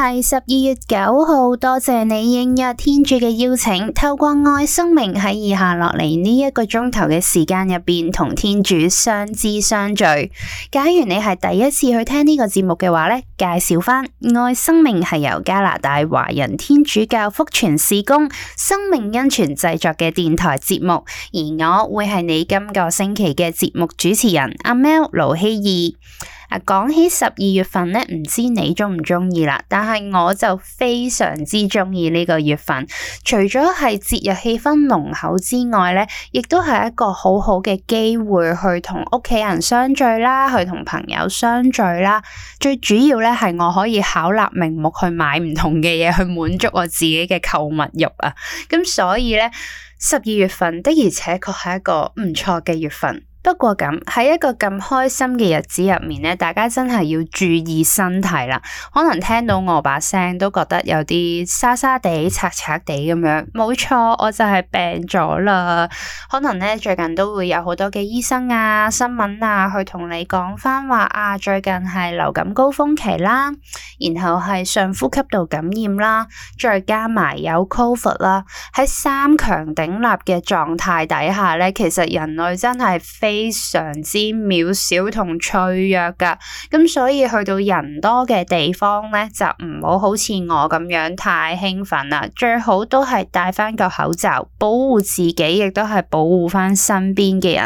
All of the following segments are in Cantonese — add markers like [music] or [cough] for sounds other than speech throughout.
係十二月九號，多謝你應約天主嘅邀請，透過愛生命喺以下落嚟，呢一個鐘頭嘅時間入邊同天主相知相聚。假如你係第一次去聽呢個節目嘅話呢，介紹翻愛生命係由加拿大華人天主教福傳事工生命恩泉製作嘅電台節目，而我會係你今個星期嘅節目主持人阿喵盧希義。啊，講起十二月份咧，唔知你鍾唔鍾意啦。但係我就非常之中意呢個月份，除咗係節日氣氛濃厚之外咧，亦都係一個好好嘅機會去同屋企人相聚啦，去同朋友相聚啦。最主要咧係我可以巧立名目去買唔同嘅嘢去滿足我自己嘅購物欲啊。咁所以咧，十二月份的而且確係一個唔錯嘅月份。不過咁，喺一個咁開心嘅日子入面呢，大家真係要注意身體啦。可能聽到我把聲都覺得有啲沙沙地、擦擦地咁樣。冇錯，我就係病咗啦。可能呢，最近都會有好多嘅醫生啊、新聞啊去同你講翻話啊，最近係流感高峰期啦，然後係上呼吸道感染啦，再加埋有 Covid 啦，喺三強鼎立嘅狀態底下呢，其實人類真係非。非常之渺小同脆弱噶，咁所以去到人多嘅地方咧，就唔好好似我咁樣太興奮啦。最好都係戴翻個口罩，保護自己，亦都係保護翻身邊嘅人。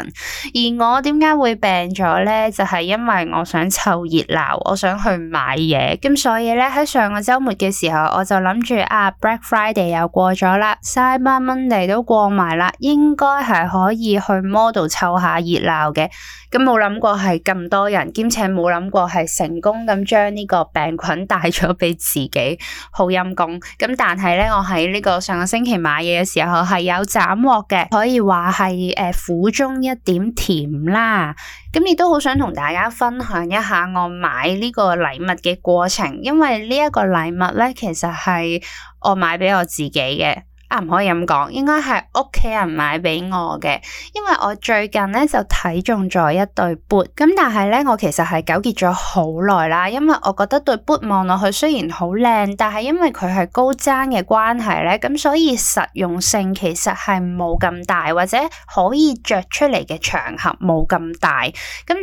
而我點解會病咗咧？就係因為我想湊熱鬧，我想去買嘢。咁所以咧，喺上個周末嘅時候，我就諗住啊，Black Friday 又過咗啦，Cyber Monday 都過埋啦，應該係可以去 Model 湊下熱鬧嘅，咁冇諗過係咁多人，兼且冇諗過係成功咁將呢個病菌帶咗俾自己，好陰功，咁但係呢，我喺呢個上個星期買嘢嘅時候係有斬獲嘅，可以話係誒苦中一點甜啦。咁亦都好想同大家分享一下我買呢個禮物嘅過程，因為呢一個禮物呢，其實係我買俾我自己嘅。唔可以咁講，應該係屋企人買畀我嘅，因為我最近咧就睇中咗一對 boot，咁但係咧我其實係糾結咗好耐啦，因為我覺得對 boot 望落去雖然好靚，但係因為佢係高踭嘅關係咧，咁所以實用性其實係冇咁大，或者可以着出嚟嘅場合冇咁大，咁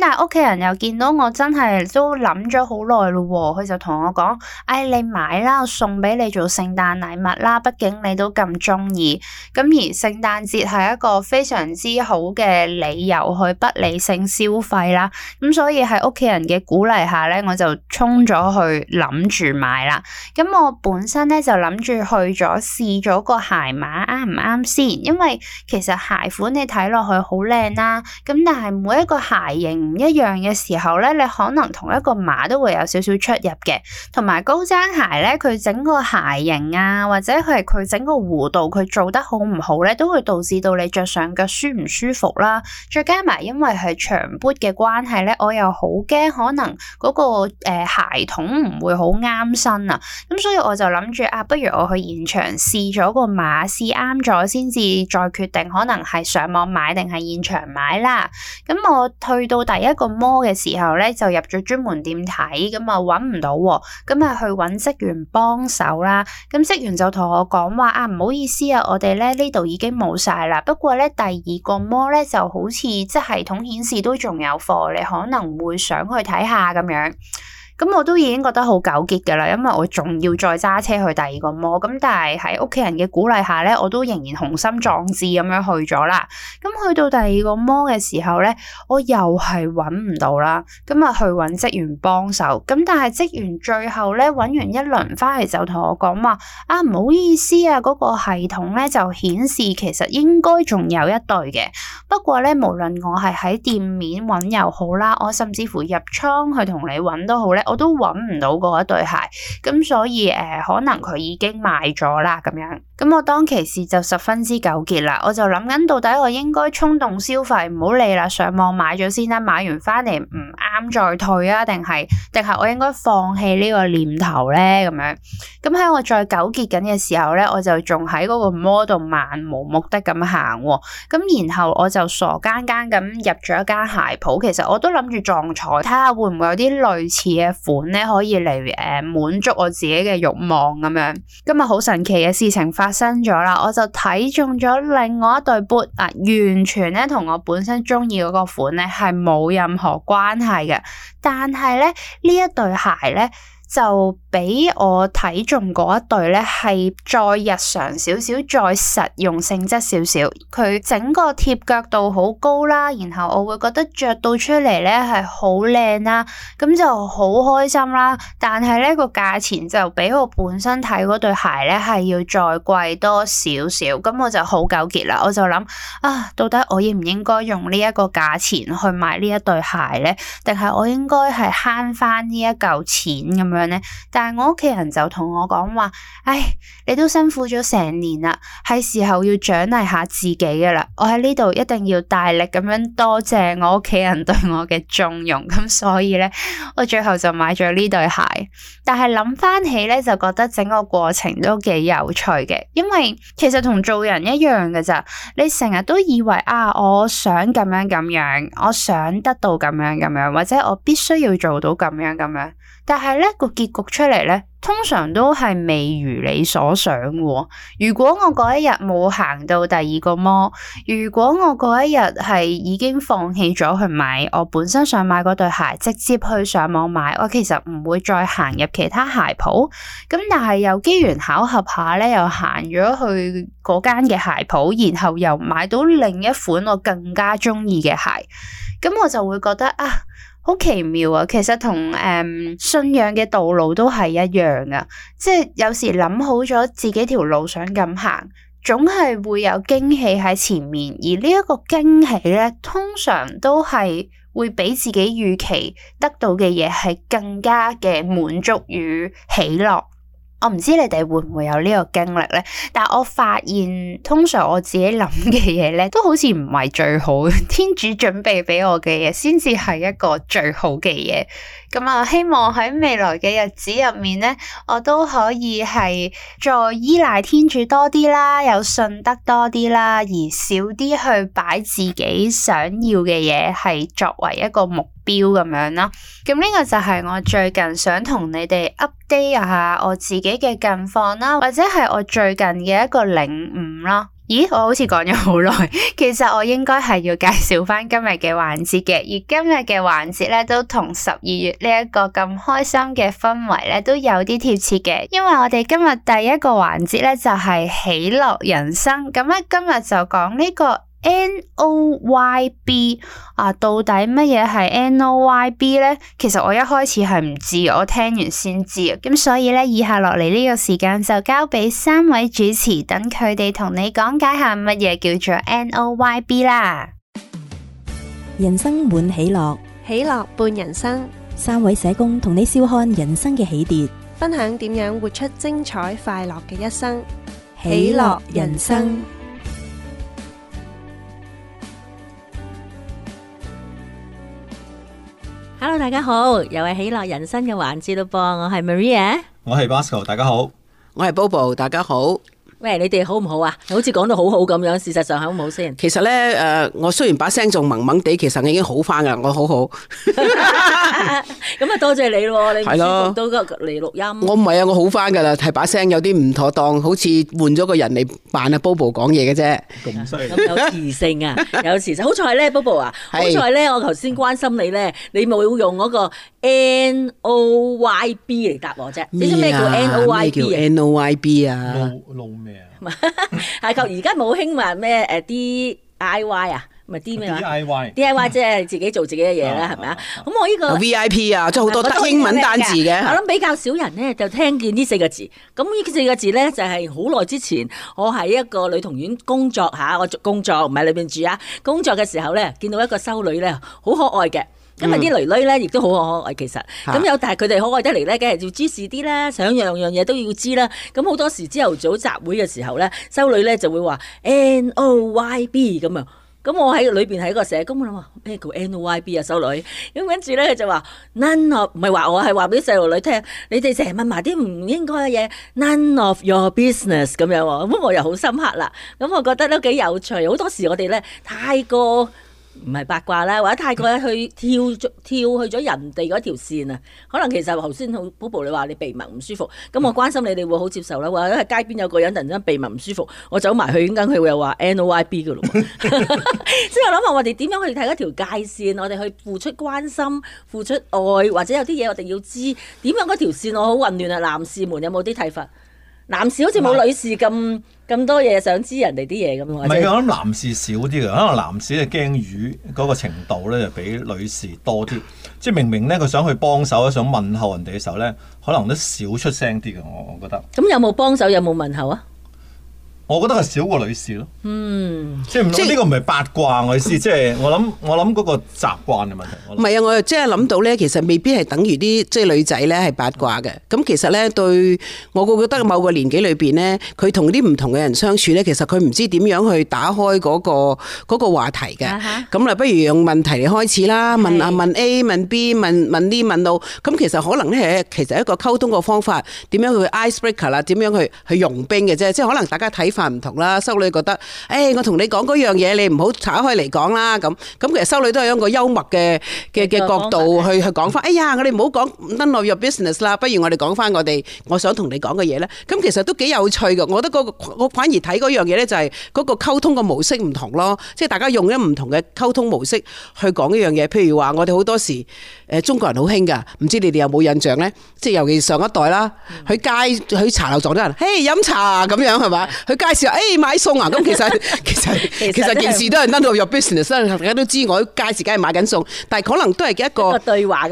但係屋企人又見到我真係都諗咗好耐咯喎，佢就同我講：誒，你買啦，我送俾你做聖誕禮物啦，畢竟你都咁。中意咁，而聖誕節係一個非常之好嘅理由去不理性消費啦。咁所以喺屋企人嘅鼓勵下咧，我就衝咗去諗住買啦。咁我本身咧就諗住去咗試咗個鞋碼啱唔啱先，因為其實鞋款你睇落去好靚啦。咁但係每一個鞋型唔一樣嘅時候咧，你可能同一個碼都會有少少出入嘅。同埋高踭鞋咧，佢整個鞋型啊，或者係佢整個弧。度佢做得好唔好咧，都會導致到你着上腳舒唔舒服啦。再加埋因為係長 boot 嘅關係咧，我又好驚可能嗰個誒鞋筒唔會好啱身啊。咁所以我就諗住啊，不如我去現場試咗個碼，試啱咗先至再決定，可能係上網買定係現場買啦。咁我去到第一個 mall 嘅時候咧，就入咗專門店睇，咁啊，揾唔到喎，咁啊，去揾職員幫手啦。咁職員就同我講話啊，唔好。意思啊，我哋咧呢度已經冇晒啦。不過咧，第二個魔咧就好似即係統顯示都仲有貨，你可能會想去睇下咁樣。咁我都已經覺得好糾結㗎啦，因為我仲要再揸車去第二個摩，咁但係喺屋企人嘅鼓勵下呢，我都仍然雄心壯志咁樣去咗啦。咁去到第二個摩嘅時候呢，我又係揾唔到啦。咁啊，去揾職員幫手，咁但係職員最後呢，揾完一輪翻嚟就同我講話：「啊，唔好意思啊，嗰個系統呢就顯示其實應該仲有一對嘅。不過呢，無論我係喺店面揾又好啦，我甚至乎入倉去同你揾都好呢。」我都揾唔到嗰一對鞋，咁所以誒、呃、可能佢已經賣咗啦咁樣。咁我當其時就十分之糾結啦，我就諗緊到底我應該衝動消費唔好理啦，上網買咗先啦、啊，買完翻嚟唔啱再退啊，定係定係我應該放棄呢個念頭呢？咁樣咁喺我再糾結緊嘅時候呢，我就仲喺嗰個 mall 度漫無目的咁行、啊，咁然後我就傻更更咁入咗一間鞋鋪，其實我都諗住撞彩，睇下會唔會有啲類似嘅款呢？可以嚟誒滿足我自己嘅慾望咁樣。今日好神奇嘅事情發。新咗啦，我就睇中咗另外一對 boot 啊，完全咧同我本身中意嗰個款咧，係冇任何關係嘅，但係咧，呢一對鞋咧。就俾我睇中嗰一對咧，係再日常少少、再實用性質少少。佢整個貼腳度好高啦，然後我會覺得着到出嚟咧係好靚啦，咁就好開心啦。但係呢個價錢就比我本身睇嗰對鞋咧係要再貴多少少，咁我就好糾結啦。我就諗啊，到底我要唔應該用呢一個價錢去買呢一對鞋呢？定係我應該係慳翻呢一嚿錢咁樣？但係我屋企人就同我講話，唉，你都辛苦咗成年啦，係時候要獎勵下自己㗎啦。我喺呢度一定要大力咁樣多謝我屋企人對我嘅縱容，咁所以呢，我最後就買咗呢對鞋。但係諗翻起呢，就覺得整個過程都幾有趣嘅，因為其實同做人一樣㗎咋。你成日都以為啊，我想咁樣咁樣，我想得到咁樣咁樣，或者我必須要做到咁樣咁樣。但係呢個結局出嚟呢，通常都係未如你所想。如果我嗰一日冇行到第二個摩，如果我嗰一日係已經放棄咗去買我本身想買嗰對鞋，直接去上網買，我其實唔會再行入其他鞋鋪。咁但係又機緣巧合下呢，又行咗去嗰間嘅鞋鋪，然後又買到另一款我更加中意嘅鞋，咁我就會覺得啊。好奇妙啊，哦！其實同誒、um，信仰嘅道路都係一樣噶，即係有時諗好咗自己條路想咁行，總係會有驚喜喺前面。而呢一個驚喜咧，通常都係會比自己預期得到嘅嘢係更加嘅滿足與喜樂。我唔知你哋會唔會有呢個經歷咧，但係我發現通常我自己諗嘅嘢咧，都好似唔係最好。天主準備俾我嘅嘢，先至係一個最好嘅嘢。咁啊，希望喺未來嘅日子入面咧，我都可以係再依賴天主多啲啦，有信德多啲啦，而少啲去擺自己想要嘅嘢，係作為一個目標。標咁樣啦，咁呢個就係我最近想同你哋 update 下我自己嘅近況啦，或者係我最近嘅一個領悟啦。咦，我好似講咗好耐，其實我應該係要介紹翻今日嘅環節嘅，而今日嘅環節咧都同十二月呢一個咁開心嘅氛圍咧都有啲貼切嘅，因為我哋今日第一個環節咧就係喜樂人生，咁咧今日就講呢個。N O Y B 啊，到底乜嘢係 N O Y B 呢？其實我一開始係唔知，我聽完先知。咁所以呢，以下落嚟，呢個時間就交俾三位主持，等佢哋同你講解下乜嘢叫做 N O Y B 啦。人生滿喜樂，喜樂伴人生。三位社工同你笑看人生嘅起跌，分享點樣活出精彩快樂嘅一生。喜樂人生。Hello，大家好，又係喜樂人生嘅環節啦噃，我係 Maria，我係 Bosco，大家好，我係 Bobo，大家好。喂，你哋好唔好啊？好似講到好好咁樣，事實上係好唔好先？其實咧，誒，我雖然把聲仲掹掹地，其實我已經好翻㗎，我好好。咁啊，多謝你咯，你舒服到嚟錄音。我唔係啊，我好翻㗎啦，係把聲有啲唔妥當，好似換咗個人嚟扮阿 Bobo 講嘢嘅啫。咁犀利，有磁性啊，有磁性。好彩咧，Bobo 啊，好彩咧，我頭先關心你咧，你冇用嗰個 N O Y B 嚟答我啫。咩啊？咩叫 N O Y B 啊？露露面。唔係，係靠而家冇興話咩誒 D I Y 啊，唔係 D 咩啊？D I Y 即係自己做自己嘅嘢啦，係咪啊？咁我呢個 V I P 啊，即係好多得英文單字嘅。我諗比較少人咧，就聽見呢四個字。咁呢四個字咧，就係好耐之前，我喺一個女童院工作嚇，我做工作唔喺裏邊住啊。工作嘅時候咧，見到一個修女咧，好可愛嘅。嗯、因為啲囡女咧，亦都好可愛，其實咁有，啊、但係佢哋可愛得嚟咧，梗係要知事啲啦，想樣樣嘢都要知啦。咁好多時朝頭早集會嘅時候咧，修女咧就會話 N O Y B 咁樣。咁我喺裏邊係一個社工，我諗話咩叫 N O Y B 啊？修女。咁跟住咧就話 None of 唔係話我係話俾細路女聽，你哋成日問埋啲唔應該嘅嘢 None of your business 咁樣喎。咁我又好深刻啦。咁我覺得都幾有趣。好多時我哋咧太過。唔係八卦啦，或者太過去跳咗跳去咗人哋嗰條線啊。可能其實頭先好寶寶你話你鼻膜唔舒服，咁我關心你哋會好接受啦。或者喺街邊有個人突然之間鼻膜唔舒服，我走埋去，點解佢又話 n o i b 嘅咯？即係 [laughs] [laughs] 我諗下，我哋點樣去睇一條界線？我哋去付出關心、付出愛，或者有啲嘢我哋要知點樣嗰條線，我好混亂啊！男士們有冇啲睇法？男士好似冇女士咁咁是多嘢想知人哋啲嘢咁，唔係我諗男士少啲嘅，可能男士嘅驚魚嗰個程度咧就比女士多啲，即係明明咧佢想去幫手啊，想問候人哋嘅時候咧，可能都少出聲啲嘅，我我覺得。咁有冇幫手？有冇問候啊？我覺得係少過女士咯，嗯，即係呢個唔係八卦我意思，即係 [laughs] 我諗我諗嗰個習慣嘅問題。唔係啊，我即係諗到咧，其實未必係等於啲即係女仔咧係八卦嘅。咁其實咧對我覺得某個年紀裏邊咧，佢同啲唔同嘅人相處咧，其實佢唔知點樣去打開嗰個嗰個話題嘅。咁啊、uh，huh。不如用問題嚟開始啦，問啊問 A 問 B 問問呢問路。咁其實可能咧其實一個溝通個方法，點樣去 ice breaker 啦，點樣去點樣去融冰嘅啫。即係可能大家睇法。唔同啦，修女覺得，誒，我同你講嗰樣嘢，你唔好岔開嚟講啦。咁，咁其實修女都係用個幽默嘅嘅嘅角度去去講翻。哎呀，我哋唔好講 none of your business 啦，不如我哋講翻我哋我想同你講嘅嘢咧。咁其實都幾有趣嘅。我覺得嗰個我反而睇嗰樣嘢咧，就係嗰個溝通嘅模式唔同咯。即係大家用咗唔同嘅溝通模式去講一樣嘢。譬如話，我哋好多時誒中國人好興㗎，唔知你哋有冇印象咧？即係尤其是上一代啦，去街去茶樓撞到人，嘿飲茶咁樣係嘛？去介紹誒買餸啊！咁其實其實其實件事都係 none of your business 啦，大家都知我喺街市梗係買緊餸，但係可能都係一個一個對話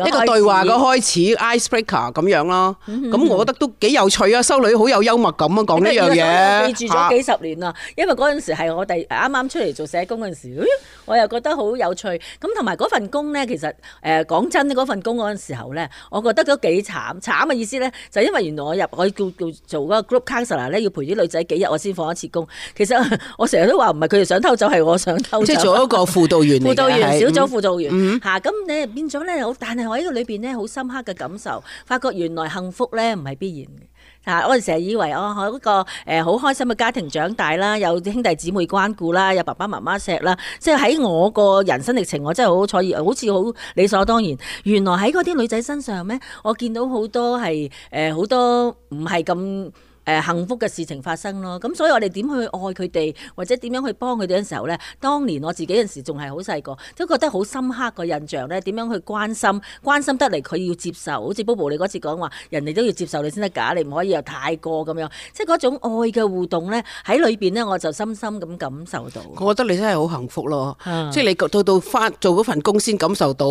嘅開始，ice breaker 咁樣咯。咁我覺得都幾有趣啊！修女好有幽默感啊，講呢樣嘢嚇。記住咗幾十年啦，因為嗰陣時係我哋啱啱出嚟做社工嗰陣時，我又覺得好有趣。咁同埋嗰份工咧，其實誒講真咧，嗰份工嗰陣時候咧，我覺得都幾慘。慘嘅意思咧，就因為原來我入我叫叫做做嗰個 group counsellor 咧，要陪啲女仔幾日我先。一次工，其實我成日都話唔係佢哋想偷走，係我想偷走。即係做一個輔導員嚟，輔導員小組輔導員，吓，咁你變咗咧？但係我喺個裏邊咧，好深刻嘅感受，發覺原來幸福咧唔係必然吓，啊。我哋成日以為哦，我一個誒好開心嘅家庭長大啦，有兄弟姊妹關顧啦，有爸爸媽媽錫啦，即係喺我個人生歷程，我真係好彩，以，好似好理所當然。原來喺嗰啲女仔身上咩？我見到好多係誒好多唔係咁。誒幸福嘅事情發生咯，咁所以我哋點去愛佢哋，或者點樣去幫佢哋嘅時候咧？當年我自己嗰陣時仲係好細個，都覺得好深刻嘅印象咧。點樣去關心，關心得嚟佢要接受，好似 BoBo 你嗰次講話，人哋都要接受你先得㗎，你唔可以又太過咁樣，即係嗰種愛嘅互動咧，喺裏邊咧我就深深咁感受到。我覺得你真係好幸福咯，啊、即係你到到返做嗰份工先感受到，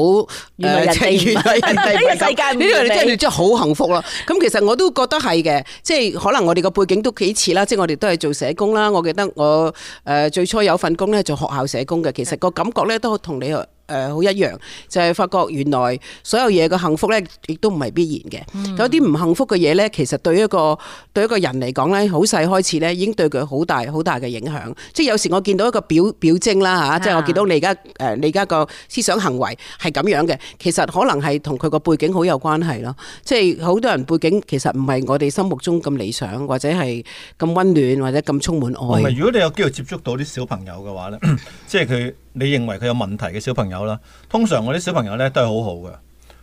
越嚟越世界，真係好幸福咯。咁 [laughs] 其實我都覺得係嘅，即係可能。 [laughs] 我哋個背景都幾似啦，即係我哋都係做社工啦。我記得我誒、呃、最初有份工咧做學校社工嘅，其實個感覺咧都同你。誒好一樣，就係、是、發覺原來所有嘢嘅幸福咧，亦都唔係必然嘅。嗯、有啲唔幸福嘅嘢咧，其實對於一個對於一個人嚟講咧，好細開始咧，已經對佢好大好大嘅影響。即係有時我見到一個表表徵啦嚇，即係我見到你而家誒你而家個思想行為係咁樣嘅，其實可能係同佢個背景好有關係咯。即係好多人背景其實唔係我哋心目中咁理想，或者係咁溫暖或者咁充滿愛。如果你有機會接觸到啲小朋友嘅話咧， [coughs] 即係佢你認為佢有問題嘅小朋友。好啦，通常我啲小朋友咧都係好好嘅，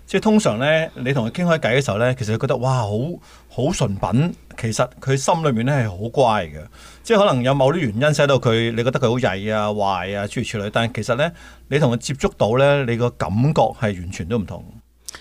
即係通常咧你同佢傾開偈嘅時候咧，其實佢覺得哇，好好純品，其實佢心裏面咧係好乖嘅，即係可能有某啲原因使到佢，你覺得佢好曳啊、壞啊、諸如此類，但係其實咧你同佢接觸到咧，你個感覺係完全都唔同。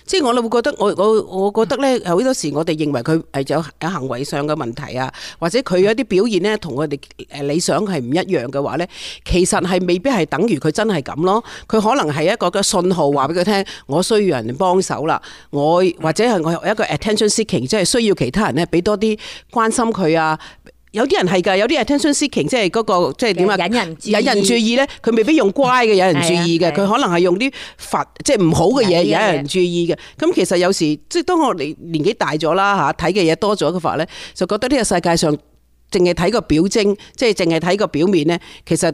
即係我諗會覺得，我我我覺得咧，好多時我哋認為佢係有有行為上嘅問題啊，或者佢有啲表現咧同我哋誒理想係唔一樣嘅話咧，其實係未必係等於佢真係咁咯。佢可能係一個嘅信號，話俾佢聽，我需要人哋幫手啦。我或者係我一個 attention seeking，即係需要其他人咧俾多啲關心佢啊。有啲人係噶，有啲係 attention seeking，即係嗰、個即係點啊？引人注意咧，佢未必用乖嘅引人注意嘅，佢可能係用啲佛即係唔好嘅嘢引人注意嘅。咁其實有時即係當我哋年紀大咗啦嚇，睇嘅嘢多咗嘅話咧，就覺得呢個世界上淨係睇個表徵，即係淨係睇個表面咧，其實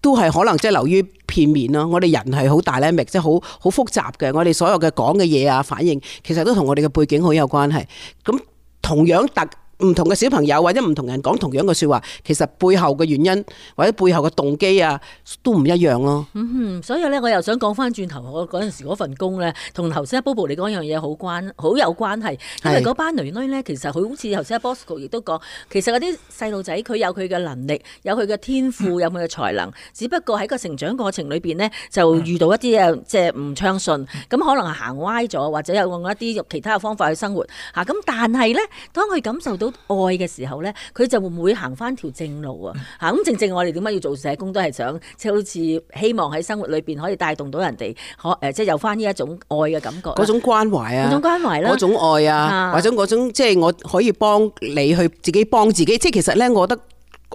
都係可能即係流於片面咯。我哋人係好 dynamic 即係好好複雜嘅。我哋所有嘅講嘅嘢啊，反應其實都同我哋嘅背景好有關係。咁同樣突。唔同嘅小朋友或者唔同人講同樣嘅說話，其實背後嘅原因或者背後嘅動機啊，都唔一樣咯、啊。嗯哼，所以咧，我又想講翻轉頭，我陣時嗰份工咧，同頭先阿 Bobo 你講一樣嘢，好關好有關係，因為班女女咧是，其實佢好似頭先阿 Bosco 亦都講，其實嗰啲細路仔佢有佢嘅能力，有佢嘅天賦，有佢嘅才能。嗯、只不過喺個成長過程裏邊咧，就遇到一啲誒即係唔暢順，咁、嗯、可能行歪咗，或者有用一啲其他嘅方法去生活吓咁，但係咧，當佢感受到愛嘅時候咧，佢就會唔會行翻條正路啊？吓，咁正正，我哋點解要做社工都係想，即係好似希望喺生活裏邊可以帶動到人哋，可誒，即係有翻呢一種愛嘅感覺，嗰種關懷啊，嗰種關懷啦，嗰種愛啊，或者嗰種即係我可以幫你去自己幫自己，即係其實咧，我覺得。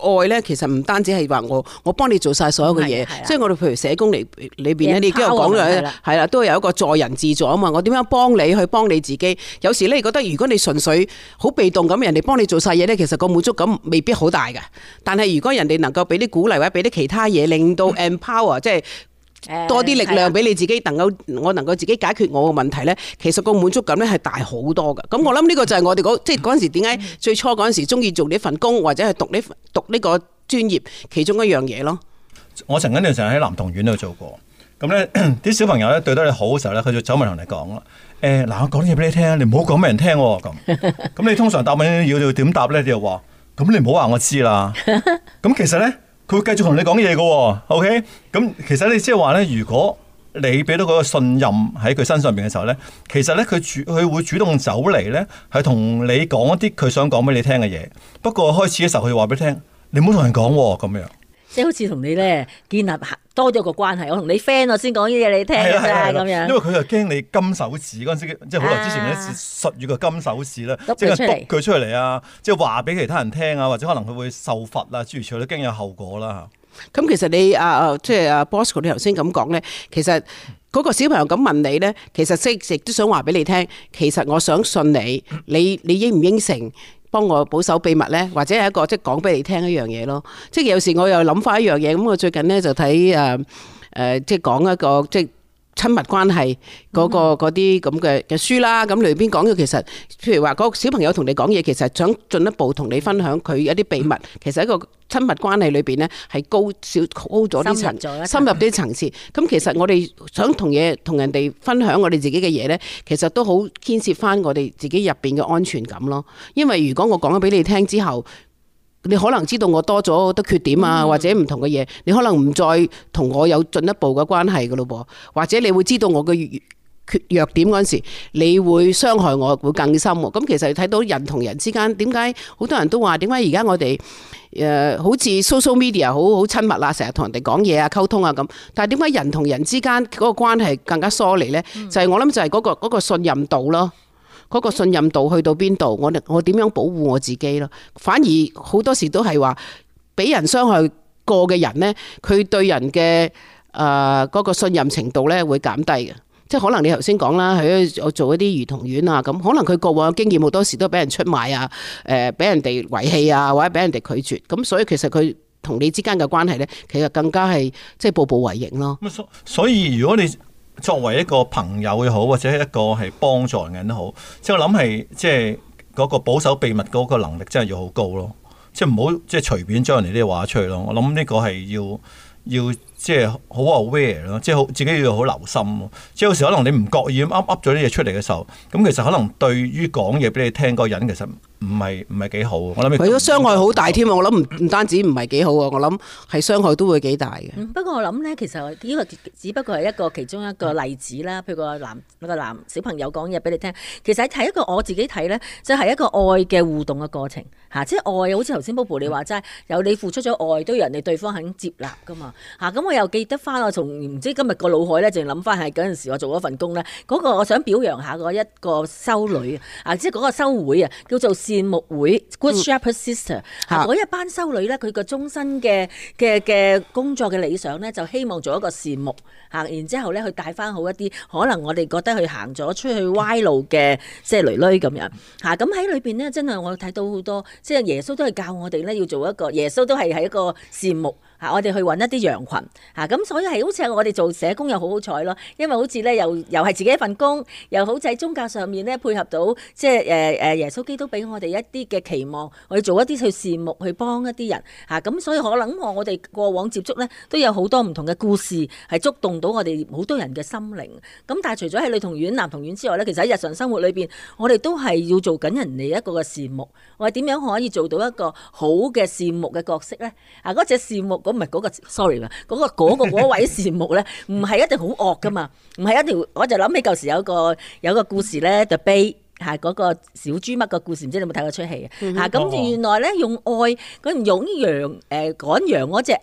愛咧，其實唔單止係話我，我幫你做晒所有嘅嘢，即係我哋譬如社工嚟裏邊咧，Empowered, 你都有講嘅係啦，都有一個助人自助啊嘛。我點樣幫你去幫你自己？有時咧覺得，如果你純粹好被動咁，人哋幫你做晒嘢咧，其實個滿足感未必好大嘅。但係如果人哋能夠俾啲鼓勵或者俾啲其他嘢，令到 empower，即係。 [laughs] 多啲力量俾你自己，能夠我能夠自己解決我嘅問題咧，其實個滿足感咧係大好多嘅。咁我諗呢個就係我哋嗰即係嗰陣時點解最初嗰陣時中意做呢份工或者係讀呢讀呢個專業其中一樣嘢咯。我曾經有成日喺男童院度做過，咁咧啲小朋友咧對得你好嘅時候咧，佢就走埋同你講咯。誒，嗱，我講啲嘢俾你聽，你唔好講俾人聽。咁咁你通常答問要點答咧？你就話咁你唔好話我知啦。咁其實咧。佢會繼續同你講嘢嘅喎，OK？咁、嗯、其實你即係話咧，如果你俾到嗰個信任喺佢身上邊嘅時候咧，其實咧佢主佢會主動走嚟咧，係同你講一啲佢想講俾你聽嘅嘢。不過開始嘅時候，佢話俾你聽，你唔好同人講喎咁樣。即係好似同你咧建立多咗個關係，我同你 friend，我先講呢嘢你聽咁、啊啊啊、咁樣。因為佢又驚你金手指嗰陣時，即係好耐之前嗰啲術語嘅金手指咧，即係掟佢出嚟啊，即係話俾其他人聽啊，或者可能佢會受罰啊，諸如此類都驚有後果啦，咁其實你啊，即係啊 Bosco，你頭先咁講咧，其實嗰個小朋友咁問你咧，其實即係亦都想話俾你聽，其實我想信你，你你應唔應承？幫我保守秘密呢，或者係一個即係講俾你聽一樣嘢咯。即係有時我又諗翻一樣嘢，咁我最近呢就睇誒誒，即係講一個即。親密關係嗰個嗰啲咁嘅嘅書啦，咁裏邊講嘅其實，譬如話嗰個小朋友同你講嘢，其實想進一步同你分享佢一啲秘密，其實一個親密關係裏邊咧，係高少高咗啲層，深入啲層次。咁 [laughs] 其實我哋想同嘢同人哋分享我哋自己嘅嘢咧，其實都好牽涉翻我哋自己入邊嘅安全感咯。因為如果我講咗俾你聽之後，你可能知道我多咗好多缺點啊，或者唔同嘅嘢，你可能唔再同我有進一步嘅關係嘅咯噃，或者你會知道我嘅缺弱點嗰陣時，你會傷害我，會更深喎。咁其實睇到人同人之間點解，好多人都話，點解而家我哋誒好似 social media 好好親密啊，成日同人哋講嘢啊、溝通啊咁，但係點解人同人之間嗰個關係更加疏離咧？就係我諗就係嗰個嗰個信任度咯。嗰個信任度去到邊度？我我點樣保護我自己咯？反而好多時都係話俾人傷害過嘅人咧，佢對人嘅誒嗰個信任程度咧會減低嘅。即係可能你頭先講啦，喺我做一啲兒童院啊咁，可能佢過往經驗好多時都俾人出賣啊，誒俾人哋遺棄啊，或者俾人哋拒絕。咁所以其實佢同你之間嘅關係咧，其實更加係即係步步為營咯。咁啊，所以如果你作為一個朋友又好，或者一個係幫助人嘅人都好，即係我諗係即係嗰個保守秘密嗰個能力真係要好高咯，即係唔好即係隨便將人哋啲話出去咯。我諗呢個係要要即係好 aware 咯，即係好自己要好留心咯。即係有時可能你唔覺意噏噏咗啲嘢出嚟嘅時候，咁其實可能對於講嘢俾你聽嗰個人其實。唔係唔係幾好，我諗如果傷害好大添啊！我諗唔唔單止唔係幾好啊，我諗係傷害都會幾大嘅、嗯。不過我諗咧，其實呢個只不過係一個其中一個例子啦。譬如個男，個男小朋友講嘢俾你聽，其實睇一個我自己睇咧，就係、是、一個愛嘅互動嘅過程嚇、啊。即係愛，好似頭先波波你話齋，有你付出咗愛，都有人哋對方肯接納噶嘛嚇。咁、啊嗯、我又記得翻我從唔知今日個腦海咧，仲諗翻係嗰陣時我做嗰份工咧，嗰、那個我想表揚下嗰一個修女啊，即係嗰個修會啊，叫做。善牧會 Good Shepherd Sister，嗰一班修女咧，佢個終身嘅嘅嘅工作嘅理想咧，就希望做一個善牧嚇，然之後咧，佢帶翻好一啲可能我哋覺得佢行咗出去歪路嘅即係女女咁樣嚇，咁喺裏邊咧，真係我睇到好多，即係耶穌都係教我哋咧要做一個，耶穌都係喺一個善牧。嚇、啊！我哋去揾一啲羊群，嚇、啊，咁所以係好似我哋做社工又好好彩咯，因為好似咧又又係自己一份工，又好似喺宗教上面咧配合到即係誒誒耶穌基督俾我哋一啲嘅期望，我哋做一啲去事牧去幫一啲人嚇，咁、啊、所以可能我哋過往接觸咧都有好多唔同嘅故事係觸動到我哋好多人嘅心靈。咁、啊、但係除咗喺女童院、男童院之外咧，其實喺日常生活裏邊，我哋都係要做緊人哋一個嘅事牧，我哋點樣可以做到一個好嘅事牧嘅角色咧？啊！嗰隻事牧。嗰唔係嗰個，sorry 啊、那個，嗰、那個嗰、那個那個、位羨慕咧，唔係一定好惡噶嘛，唔係 [laughs] 一定，我就諗起舊時有個有個故事咧，就悲嚇嗰個小豬乜個故事，唔、那個、知你有冇睇過出戲啊嚇？咁 [laughs] 原來咧用愛用羊誒、呃、趕羊嗰隻。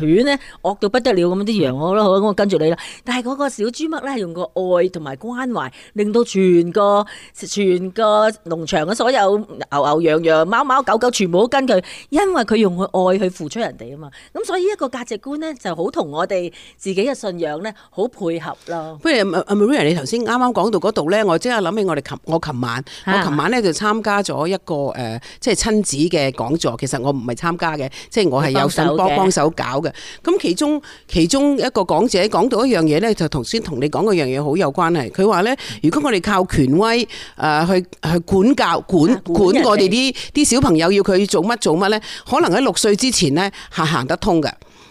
犬呢，惡到不得了，咁啲羊好，我咯，我跟住你啦。但係嗰個小豬麥咧，用個愛同埋關懷，令到全個全個農場嘅所有牛牛、羊羊、貓貓、狗狗，全部都跟佢，因為佢用個愛去付出人哋啊嘛。咁所以一個價值觀咧，就好同我哋自己嘅信仰咧，好配合咯。不如阿阿 Maria 你頭先啱啱講到嗰度咧，我即刻諗起我哋琴我琴晚、啊、我琴晚咧就參加咗一個誒、呃，即係親子嘅講座。其實我唔係參加嘅，即係我係有信幫幫手搞。搞嘅，咁其中其中一個講者講到一樣嘢咧，就頭先同你講嗰樣嘢好有關係。佢話咧，如果我哋靠權威，誒去去管教、管、啊、管，管我哋啲啲小朋友，要佢做乜做乜咧，可能喺六歲之前咧係行得通嘅，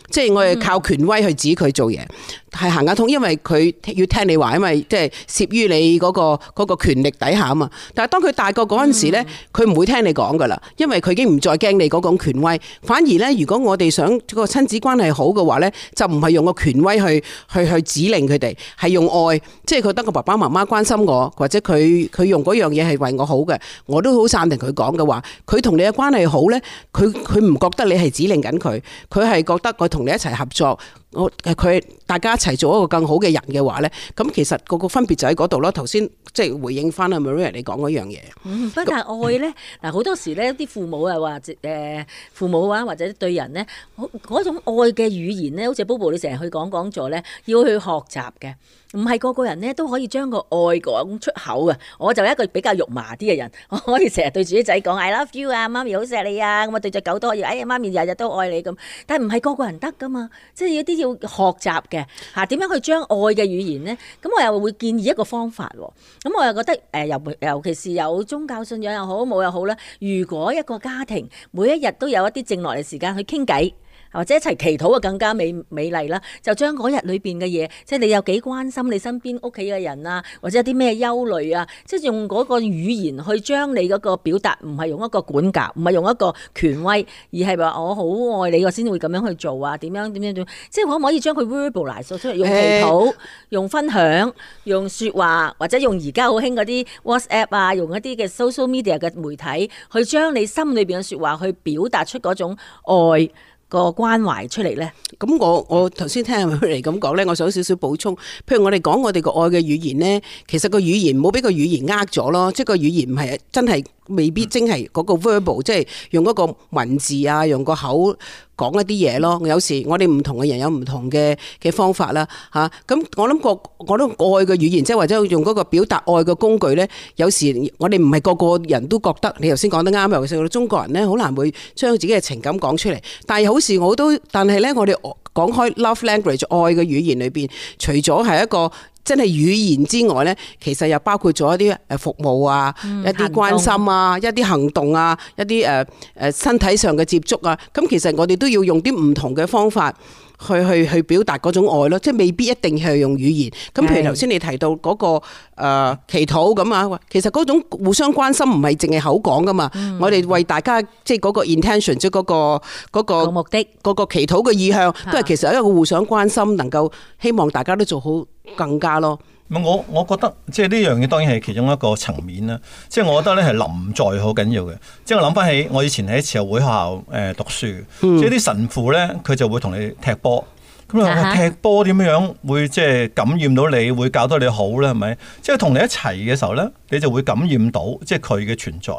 即係我哋靠權威去指佢做嘢。嗯係行得通，因為佢要聽你話，因為即係涉於你嗰個嗰個權力底下啊嘛。但係當佢大個嗰陣時咧，佢唔會聽你講噶啦，因為佢已經唔再驚你嗰種權威。反而呢，如果我哋想個親子關係好嘅話呢，就唔係用個權威去去去指令佢哋，係用愛，即係佢得個爸爸媽媽關心我，或者佢佢用嗰樣嘢係為我好嘅，我都好贊成佢講嘅話。佢同你嘅關係好呢，佢佢唔覺得你係指令緊佢，佢係覺得佢同你一齊合作。我佢大家一齊做一個更好嘅人嘅話咧，咁其實個個分別就喺嗰度咯。頭先即係回應翻阿 Maria 你講嗰樣嘢。嗯，不過愛咧，嗱好、嗯、多時咧啲父母啊話誒父母啊或者對人咧，嗰種愛嘅語言咧，好似 Bobo 你成日去講講座咧，要去學習嘅。唔係個個人咧都可以將個愛講出口嘅，我就一個比較肉麻啲嘅人，我可以成日對住啲仔講 I love you 啊，媽咪好錫你啊，咁啊對隻狗都可以，哎呀媽咪日日都愛你咁，但係唔係個個人得噶嘛，即係有啲要學習嘅嚇，點樣去將愛嘅語言咧？咁我又會建議一個方法喎，咁我又覺得誒，由、呃、尤其是有宗教信仰又好，冇又好啦，如果一個家庭每一日都有一啲靜落嚟時間去傾偈。或者一齊祈禱啊，更加美美麗啦。就將嗰日裏邊嘅嘢，即係你有幾關心你身邊屋企嘅人啊，或者有啲咩憂慮啊，即係用嗰個語言去將你嗰個表達，唔係用一個管教，唔係用一個權威，而係話我好愛你，我先會咁樣去做啊。點樣點樣點？即係可唔可以將佢 verbalize 嚟做出嚟？用祈禱、欸、用分享、用説話，或者用而家好興嗰啲 WhatsApp 啊，用一啲嘅 social media 嘅媒體去將你心裏邊嘅説話去表達出嗰種愛。個關懷出嚟咧，咁我我頭先聽佢 y 咁講咧，我想少少補充，譬如我哋講我哋個愛嘅語言咧，其實個語言冇俾個語言呃咗咯，即係個語言唔係真係。未必真係嗰個 verbal，即係用嗰個文字啊，用個口講一啲嘢咯。有時我哋唔同嘅人有唔同嘅嘅方法啦，嚇、啊。咁我諗個我都愛嘅語言，即係或者用嗰個表達愛嘅工具呢。有時我哋唔係個個人都覺得你頭先講得啱，尤其是我哋中國人呢，好難會將自己嘅情感講出嚟。但係好似我都，但係呢，我哋講開 love language 愛嘅語言裏邊，除咗係一個。真係語言之外咧，其實又包括咗一啲誒服務啊，一啲關心啊，一啲行動啊，一啲誒誒身體上嘅接觸啊。咁其實我哋都要用啲唔同嘅方法，去去去表達嗰種愛咯，即係未必一定係用語言。咁譬如頭先你提到嗰、嗰個、呃、祈禱咁啊，其實嗰種互相關心唔係淨係口講噶嘛。嗯、我哋為大家即係嗰個 intention 即係、嗰、嗰個、嗰個、目的嗰個祈禱嘅意向，都係其實一個互相關心，能夠希望大家都做好更加咯。我我覺得即係呢樣嘢當然係其中一個層面啦。即係我覺得咧係臨在好緊要嘅。即係我諗翻起我以前喺慈幼會學校誒讀書，嗯、即係啲神父咧佢就會同你踢波。咁你踢波點樣會即係感染到你，會教到你好咧係咪？即係同你一齊嘅時候咧，你就會感染到即係佢嘅存在。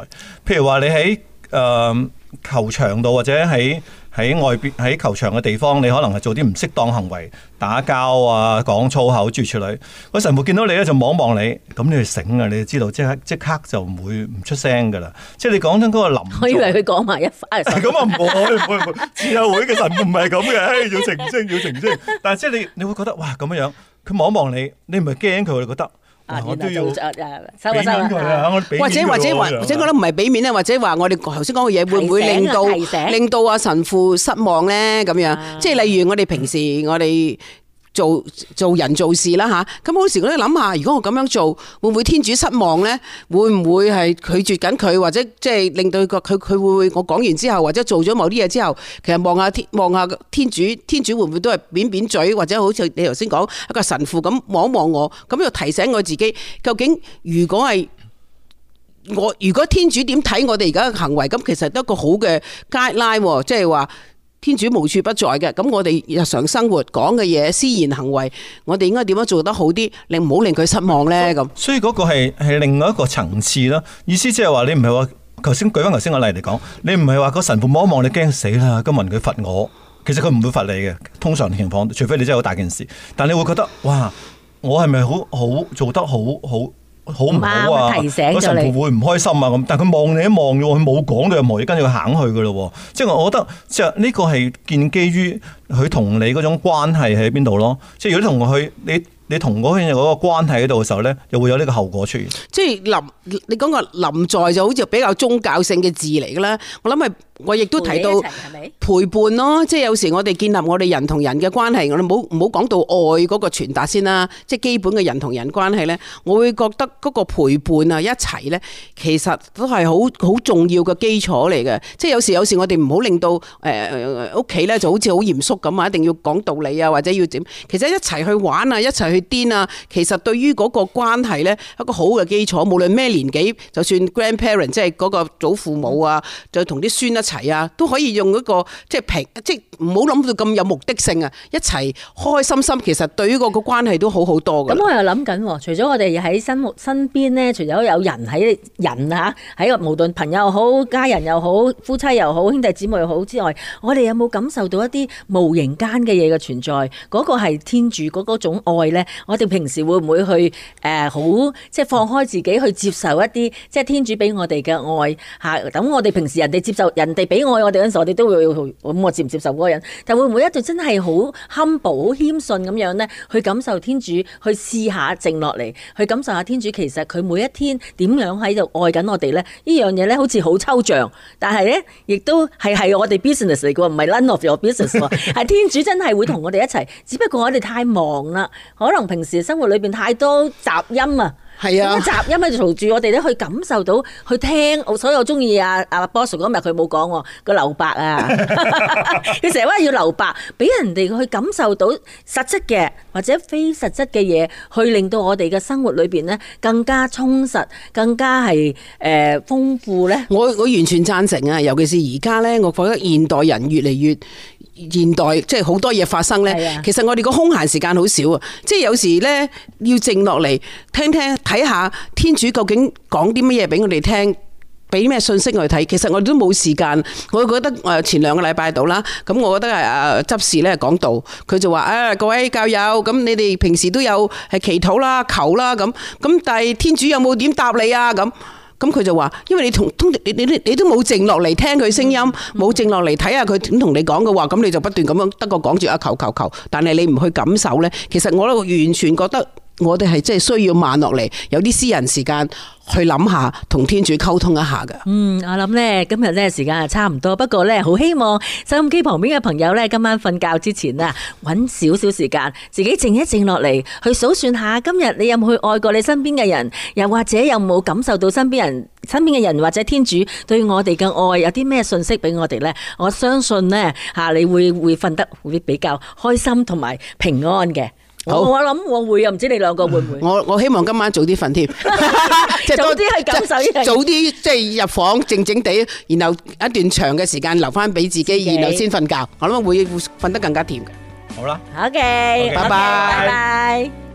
譬如話你喺誒，呃球場度，或者喺喺外邊喺球場嘅地方，你可能係做啲唔適當行為，打交啊，講粗口，諸如此類，神父見到你咧就望望你，咁你就醒啊，你就知道即刻即刻就唔會唔出聲噶啦。即係你講緊嗰個林，我以為佢講埋一塊，咁啊唔可以，唔可以，慈幼會嘅神父唔係咁嘅， [laughs] 要澄清，要澄清。但係即係你你會覺得哇咁樣樣，佢望望你，你唔係驚佢，你覺得。啊、我都要收收、啊我，或者或者或，者覺得唔係俾面咧，或者話我哋頭先講嘅嘢會唔會令到令到阿神父失望咧？咁樣，啊、即係例如我哋平時我哋。做做人做事啦吓，咁好多時我都諗下，如果我咁樣做，會唔會天主失望呢？會唔會係拒絕緊佢，或者即係令到佢佢佢會我講完之後，或者做咗某啲嘢之後，其實望下天望下天主，天主會唔會都係扁扁嘴，或者好似你頭先講一個神父咁望一望我，咁又提醒我自己，究竟如果係我，如果天主點睇我哋而家嘅行為，咁其實都係一個好嘅 guide line，即係話。天主無處不在嘅，咁我哋日常生活講嘅嘢、思言行為，我哋應該點樣做得好啲，令唔好令佢失望呢？咁所以嗰個係係另外一個層次啦。意思即係話你唔係話頭先舉翻頭先個例嚟講，你唔係話個神父摸一摸你驚死啦，今日佢罰我，其實佢唔會罰你嘅。通常情況，除非你真係好大件事，但你會覺得哇，我係咪好好做得好好？好好唔好啊？神父會唔開心啊？咁你，但係佢望你一望佢冇講嘅，無一跟住佢行去嘅咯。即係我覺得，即係呢個係建基於佢同你嗰種關係喺邊度咯。即係如果同佢你。你同嗰個人關係喺度嘅時候咧，又會有呢個後果出現。即係臨，你講個臨在就好似比較宗教性嘅字嚟嘅啦。我諗係我亦都提到陪伴咯。即係有時我哋建立我哋人同人嘅關係，我哋唔好講到愛嗰個傳達先啦。即係基本嘅人同人關係咧，我會覺得嗰個陪伴啊一齊咧，其實都係好好重要嘅基礎嚟嘅。即係有時有時我哋唔好令到誒屋企咧就好似好嚴肅咁啊，一定要講道理啊或者要點。其實一齊去玩啊，一齊去。癲啊！其實對於嗰個關係咧，一個好嘅基礎，無論咩年紀，就算 grandparent，即係嗰個祖父母啊，就同啲孫一齊啊，都可以用一個即係平，即係唔好諗到咁有目的性啊！一齊開開心心，其實對於嗰個關係都好好多嘅。咁我又諗緊喎，除咗我哋喺身目身邊呢，除咗有人喺人啊喺喺無論朋友好、家人又好、夫妻又好、兄弟姊妹又好之外，我哋有冇感受到一啲無形間嘅嘢嘅存在？嗰、嗰個係天主嗰嗰種愛咧？我哋平時會唔會去誒、呃、好即係放開自己去接受一啲即係天主俾我哋嘅愛嚇？咁、啊、我哋平時人哋接受人哋俾愛我哋嗰陣時，我哋都會咁、嗯，我接唔接受嗰個人？但會唔會一度真係好謙卑、好謙遜咁樣咧，去感受天主，去試下靜落嚟，去感受下天主其實佢每一天點樣喺度愛緊我哋咧？呢樣嘢咧好似好抽象，但係咧亦都係係我哋 business 嚟嘅喎，唔係 none of your business 喎， [laughs] 天主真係會同我哋一齊，只不過我哋太忙啦，可能平時生活裏邊太多雜音啊，咁啲是、啊、雜音咧就從住我哋咧去感受到，去聽所有我、啊。所以我中意阿阿波叔嗰日佢冇講喎，個留白啊，佢成日話要留白，俾人哋去感受到實質嘅或者非實質嘅嘢，去令到我哋嘅生活裏邊咧更加充實，更加係誒、呃、豐富咧。我我完全贊成啊，尤其是而家咧，我覺得現代人越嚟越。現代即係好多嘢發生呢是的，其實我哋個空閒時間好少啊，即係有時呢，要靜落嚟聽聽睇下天主究竟講啲乜嘢俾我哋聽，俾咩信息我哋睇。其實我都冇時間，我覺得我前兩個禮拜到啦，咁我覺得誒、啊、執事呢講道，佢就話誒、哎、各位教友，咁你哋平時都有係祈禱啦、求啦咁，咁但係天主有冇點答你啊咁？咁佢就話：因為你同通，你你你都冇靜落嚟聽佢聲音，冇、嗯、靜落嚟睇下佢點同你講嘅話，咁你就不斷咁樣得個講住啊求求求，但係你唔去感受咧，其實我都完全覺得。我哋係真係需要慢落嚟，有啲私人時間去諗下，同天主溝通一下嘅。嗯，我諗呢今日呢時間係差唔多，不過呢好希望收音機旁邊嘅朋友呢，今晚瞓覺之前啊，搵少少時間自己靜一靜落嚟，去數算下今日你有冇去愛過你身邊嘅人，又或者有冇感受到身邊人、身邊嘅人或者天主對我哋嘅愛有啲咩信息俾我哋呢？我相信呢，吓你會會瞓得會比較開心同埋平安嘅。我我諗我會啊，唔知你兩個會唔會？我我希望今晚早啲瞓添，早啲係感受早啲即係入房靜靜地，然後一段長嘅時間留翻俾自己，自己然後先瞓覺。我諗會瞓得更加甜嘅。好啦，好嘅，okay, okay，拜拜，okay，拜拜。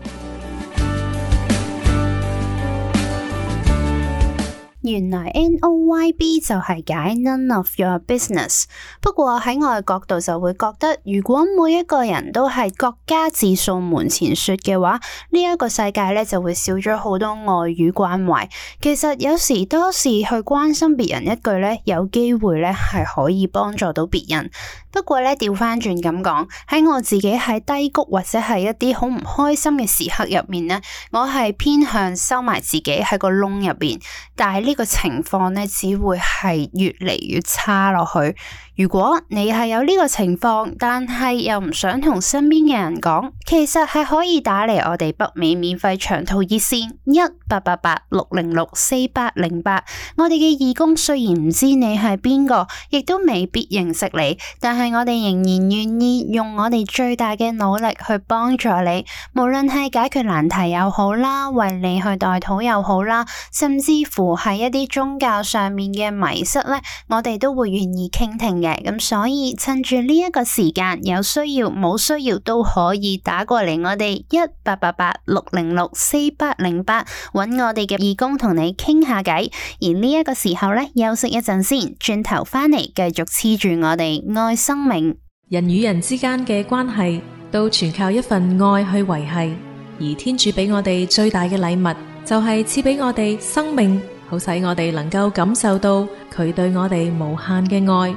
原來 N O Y B 就係解 None of your business。不過喺外國度就會覺得，如果每一個人都係國家自掃門前雪嘅話，呢、這、一個世界咧就會少咗好多愛與關懷。其實有時多時去關心別人一句咧，有機會咧係可以幫助到別人。不過咧掉返轉咁講，喺我自己喺低谷或者係一啲好唔開心嘅時刻入面呢，我係偏向收埋自己喺個窿入邊。但係呢，個情況咧，只會係越嚟越差落去。如果你係有呢個情況，但係又唔想同身邊嘅人講，其實係可以打嚟我哋北美免費長途熱線一八八八六零六四八零八。我哋嘅義工雖然唔知你係邊個，亦都未必認識你，但係我哋仍然願意用我哋最大嘅努力去幫助你，無論係解決難題又好啦，為你去代禱又好啦，甚至乎係一啲宗教上面嘅迷失咧，我哋都會願意傾聽嘅。咁所以，趁住呢一個時間，有需要冇需要都可以打過嚟我哋一八八八六零六四八零八，搵我哋嘅義工同你傾下偈。而呢一個時候呢，休息一陣先，轉頭翻嚟繼續黐住我哋愛生命。人與人之間嘅關係，都全靠一份愛去維繫。而天主俾我哋最大嘅禮物，就係賜俾我哋生命，好使我哋能夠感受到佢對我哋無限嘅愛。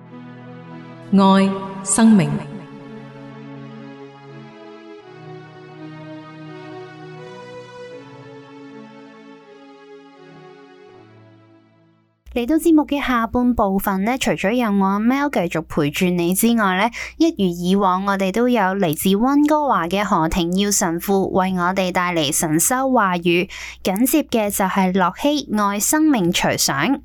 愛生命。嚟到節目嘅下半部分咧，除咗有我阿喵繼續陪住你之外呢，一如以往，我哋都有嚟自溫哥華嘅何庭耀神父為我哋帶嚟神修話語。緊接嘅就係駱曦愛生命隨想。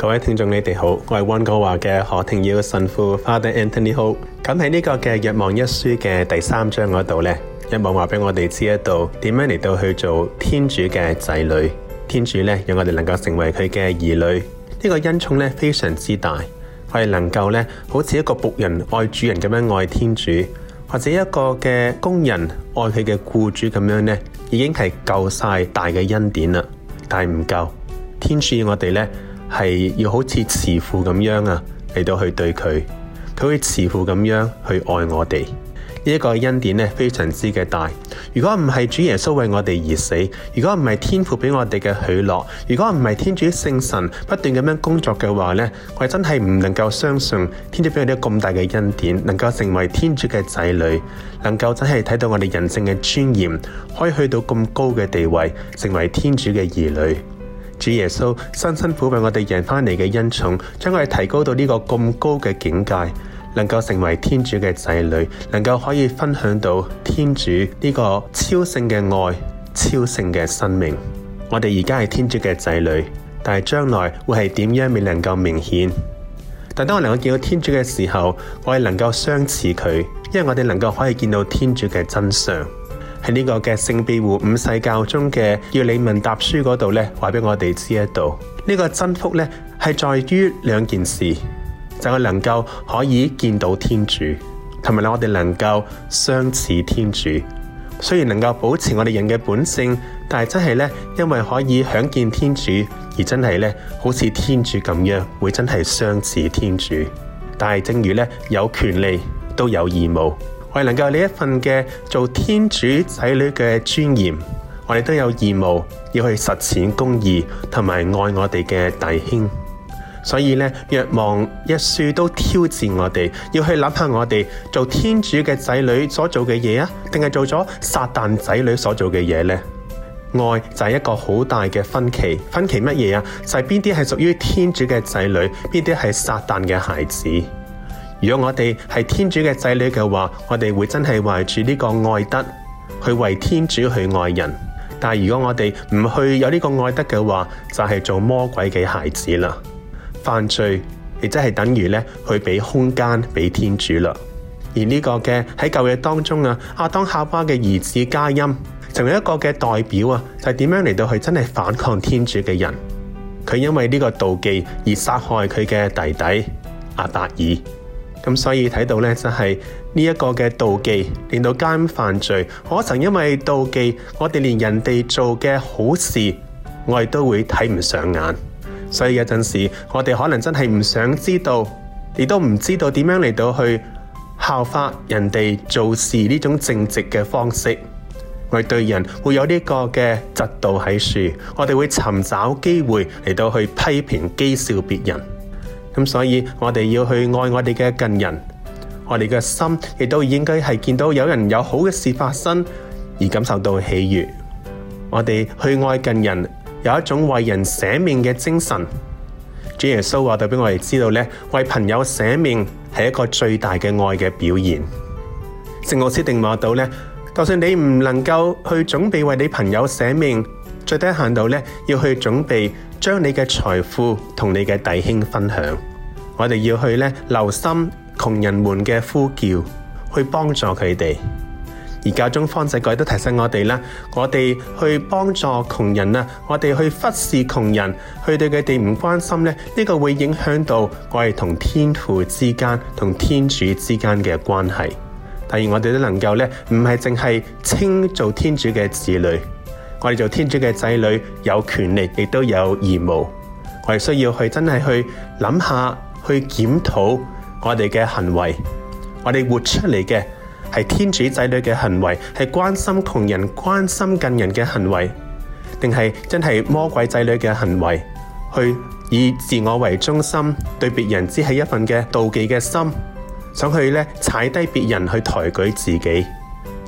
各位聽眾，你哋好，我係温哥華嘅何庭耀神父 Father Anthony Ho。咁喺呢個嘅《若望一書》嘅第三章嗰度呢，若望話俾我哋知，一度點樣嚟到去做天主嘅仔女，天主呢，讓我哋能夠成為佢嘅兒女。呢個恩寵呢，非常之大，係能夠呢，好似一個僕人愛主人咁樣愛天主，或者一個嘅工人愛佢嘅僱主咁樣呢，已經係夠晒大嘅恩典啦。但係唔夠，天主要我哋呢。係要好似慈父咁樣啊，嚟到去對佢，佢會慈父咁樣去愛我哋。呢一個恩典呢，非常之嘅大。如果唔係主耶穌為我哋而死，如果唔係天父俾我哋嘅許諾，如果唔係天主聖神不斷咁樣工作嘅話呢，我真係唔能夠相信天主俾我哋咁大嘅恩典，能夠成為天主嘅仔女，能夠真係睇到我哋人性嘅尊嚴，可以去到咁高嘅地位，成為天主嘅兒女。主耶穌辛辛苦苦為我哋贏翻嚟嘅恩寵，將我哋提高到呢個咁高嘅境界，能夠成為天主嘅仔女，能夠可以分享到天主呢個超性嘅愛、超性嘅生命。我哋而家係天主嘅仔女，但係將來會係點樣未能夠明顯。但係當我能夠見到天主嘅時候，我係能夠相似佢，因為我哋能夠可以見到天主嘅真相。喺呢個嘅聖庇護五世教宗嘅要理問答書嗰度呢，話俾我哋知一道，呢、這個真福呢，係在於兩件事，就係、是、能夠可以見到天主，同埋令我哋能夠相似天主。雖然能夠保持我哋人嘅本性，但係真係呢，因為可以享見天主，而真係呢，好似天主咁樣，會真係相似天主。但係正如呢，有權利都有義務。我哋能夠呢一份嘅做天主仔女嘅尊嚴，我哋都有義務要去實踐公義，同埋愛我哋嘅弟兄。所以呢，若望一書都挑戰我哋，要去諗下我哋做天主嘅仔女所做嘅嘢啊，定係做咗撒旦仔女所做嘅嘢呢？愛就係一個好大嘅分歧，分歧乜嘢啊？就係邊啲係屬於天主嘅仔女，邊啲係撒旦嘅孩子？如果我哋係天主嘅仔女嘅話，我哋會真係懷住呢個愛德去為天主去愛人。但係如果我哋唔去有呢個愛德嘅話，就係、是、做魔鬼嘅孩子啦。犯罪亦即係等於咧，去俾空間俾天主啦。而呢個嘅喺舊約當中啊，亞當夏娃嘅兒子加音，就有一個嘅代表啊，就係點樣嚟到去真係反抗天主嘅人。佢因為呢個妒忌而殺害佢嘅弟弟亞伯爾。咁所以睇到呢，就係呢一個嘅妒忌，令到奸犯罪。我曾因為妒忌，我哋連人哋做嘅好事，我哋都會睇唔上眼。所以有陣時，我哋可能真係唔想知道，亦都唔知道點樣嚟到去效法人哋做事呢種正直嘅方式，我哋對人會有呢個嘅嫉妒喺度。我哋會尋找機會嚟到去批評、譏笑別人。咁所以，我哋要去愛我哋嘅近人，我哋嘅心亦都應該係見到有人有好嘅事發生而感受到喜悅。我哋去愛近人，有一種為人捨命嘅精神。主耶穌話，代表我哋知道咧，為朋友捨命係一個最大嘅愛嘅表現。聖奧斯定話到咧，就算你唔能夠去準備為你朋友捨命，最低限度咧要去準備。將你嘅財富同你嘅弟兄分享，我哋要去咧留心窮人們嘅呼叫，去幫助佢哋。而教宗方濟各都提醒我哋啦，我哋去幫助窮人啊，我哋去忽視窮人，去對佢哋唔關心咧，呢、這個會影響到我哋同天父之間、同天主之間嘅關係。第二，我哋都能夠咧，唔係淨係稱做天主嘅子女。我哋做天主嘅仔女，有權利亦都有義務。我哋需要去真係去諗下，去檢討我哋嘅行為。我哋活出嚟嘅係天主仔女嘅行為，係關心窮人、關心近人嘅行為，定係真係魔鬼仔女嘅行為，去以自我為中心，對別人只係一份嘅妒忌嘅心，想去咧踩低別人去抬舉自己。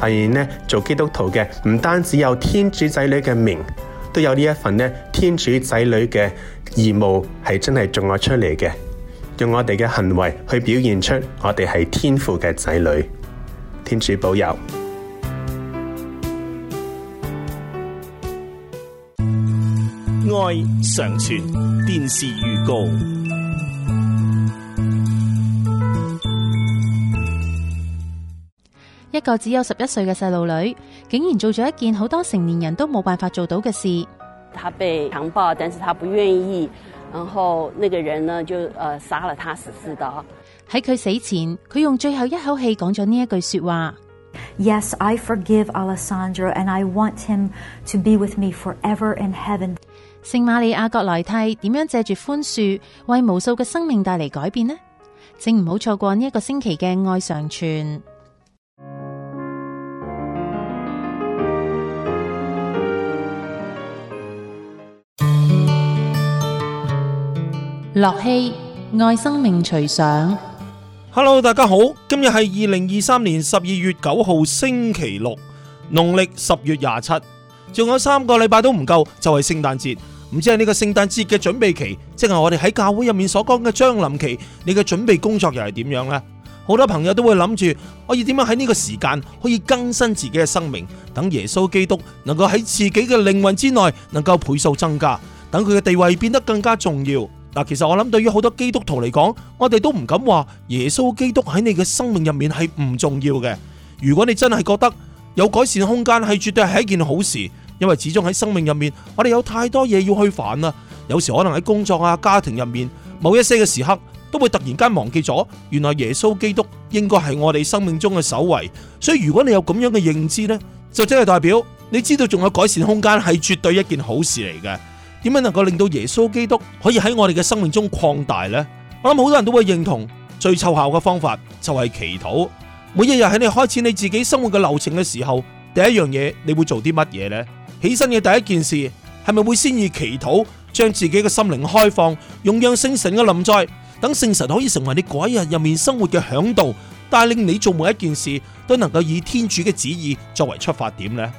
係咧，做基督徒嘅唔單止有天主仔女嘅名，都有呢一份咧，天主仔女嘅義務係真係做咗出嚟嘅，用我哋嘅行為去表現出我哋係天父嘅仔女。天主保佑，愛常傳。電視預告。一個只有十一歲嘅細路女，竟然做咗一件好多成年人都冇辦法做到嘅事。他被強暴，但是他不願意。然後那個人呢就，呃，殺了他死士的。喺佢死前，佢用最後一口氣講咗呢一句說話：Yes, I forgive Alessandro, and I want him to be with me forever in heaven。聖瑪利亞葛萊蒂點樣借住寬恕，為無數嘅生命帶嚟改變呢？請唔好錯過呢一個星期嘅愛常傳。駱曦愛生命隨想，Hello，大家好，今日係二零二三年十二月九號星期六，農曆十月廿七，仲有三個禮拜都唔夠，就係聖誕節。唔知喺呢個聖誕節嘅準備期，即係我哋喺教會入面所講嘅將臨期，你嘅準備工作又係點樣呢？好多朋友都會諗住，我要點樣喺呢個時間可以更新自己嘅生命，等耶穌基督能夠喺自己嘅靈魂之內能夠倍數增加，等佢嘅地位變得更加重要。嗱，其實我諗對於好多基督徒嚟講，我哋都唔敢話耶穌基督喺你嘅生命入面係唔重要嘅。如果你真係覺得有改善空間，係絕對係一件好事，因為始終喺生命入面，我哋有太多嘢要去煩啦。有時可能喺工作啊、家庭入面某一些嘅時刻，都會突然間忘記咗，原來耶穌基督應該係我哋生命中嘅首位。所以如果你有咁樣嘅認知呢，就真係代表你知道仲有改善空間，係絕對一件好事嚟嘅。點樣能夠令到耶穌基督可以喺我哋嘅生命中擴大呢？我諗好多人都會認同最奏效嘅方法就係祈禱。每一日喺你開始你自己生活嘅流程嘅時候，第一樣嘢，你會做啲乜嘢呢？起身嘅第一件事係咪會先以祈禱將自己嘅心靈開放，用讓聖神嘅臨在，等聖神可以成為你嗰一日入面生活嘅嚮導，帶領你做每一件事都能夠以天主嘅旨意作為出發點呢？